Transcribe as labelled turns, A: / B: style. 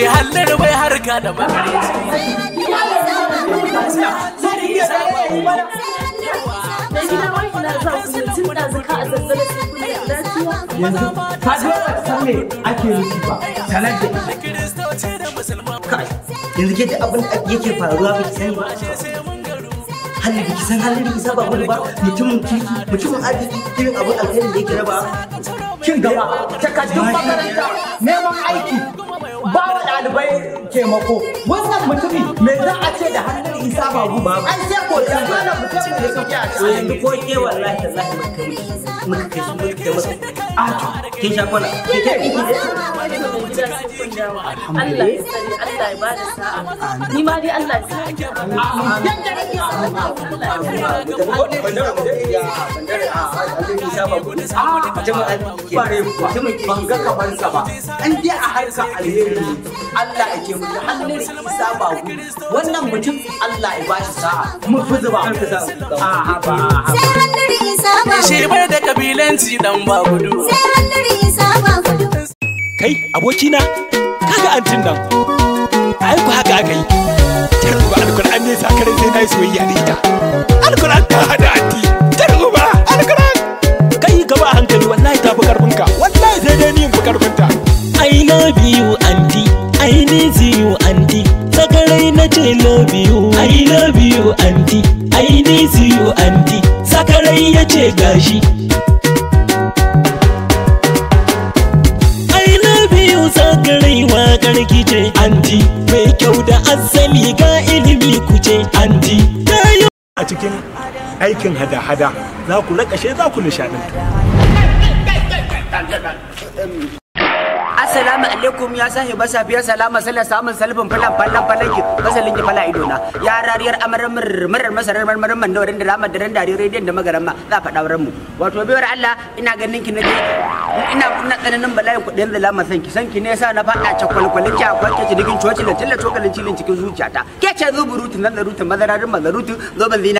A: ce hallar bai harka da yanzu ba yanzu ke da abin da yake faruwa ba ki sani ba hali da ki san halin da ki saba wani ba mutumin kirki mutumin arziki irin abin alherin da yake raba kin gaba takardun makaranta neman aiki taimako wannan mutumi me za a ce da hannun isa babu ai sai yanzu ko ke wallahi kai su kai a ke sha kwana ke Allah ya sani Allah ya sa'a ni ma dai Allah ya sani wannan mutum Allah ya bashi sa'a fi zuba a haba shebar da kabilanci dan ba gudu kai abokina kaga antin nan ai ku haka aka yi tar uba alkur'an ne sakarai sai na soyayya da ita alkur'an ta hada anti tar uba alkur'an kai gaba hankali wallahi ta fi karfinka wallahi sai dai ni fi karfinta i love you anti i need you anti na ce love you I love you I need you Sakarai ya ce gashi I love you sakarai waƙar kice anti mai kyau da asali ga ilimi kuce anti a cikin aikin hada-hada za ku rakashe za ku nishaɗantu assalamu alaikum ya sahi ba safiya salama sallar samun salbin falan falan falan ki basalin ki fala ido na ya rariyar amaran murmurar masarar marmarin man da da ramar daren dare rediyon da magaran ma za fa dauran mu wato biyar Allah ina ganin ki na ina kunna tsananin bala'in kudin da lama san ki san ki ne yasa na fada ta kwalkwalin ki a kwanke ci cocin coci da tilla cokalin cilin cikin zuciyata ke ce zuburutu nan da rutu mazararin mazarutu zo ban zina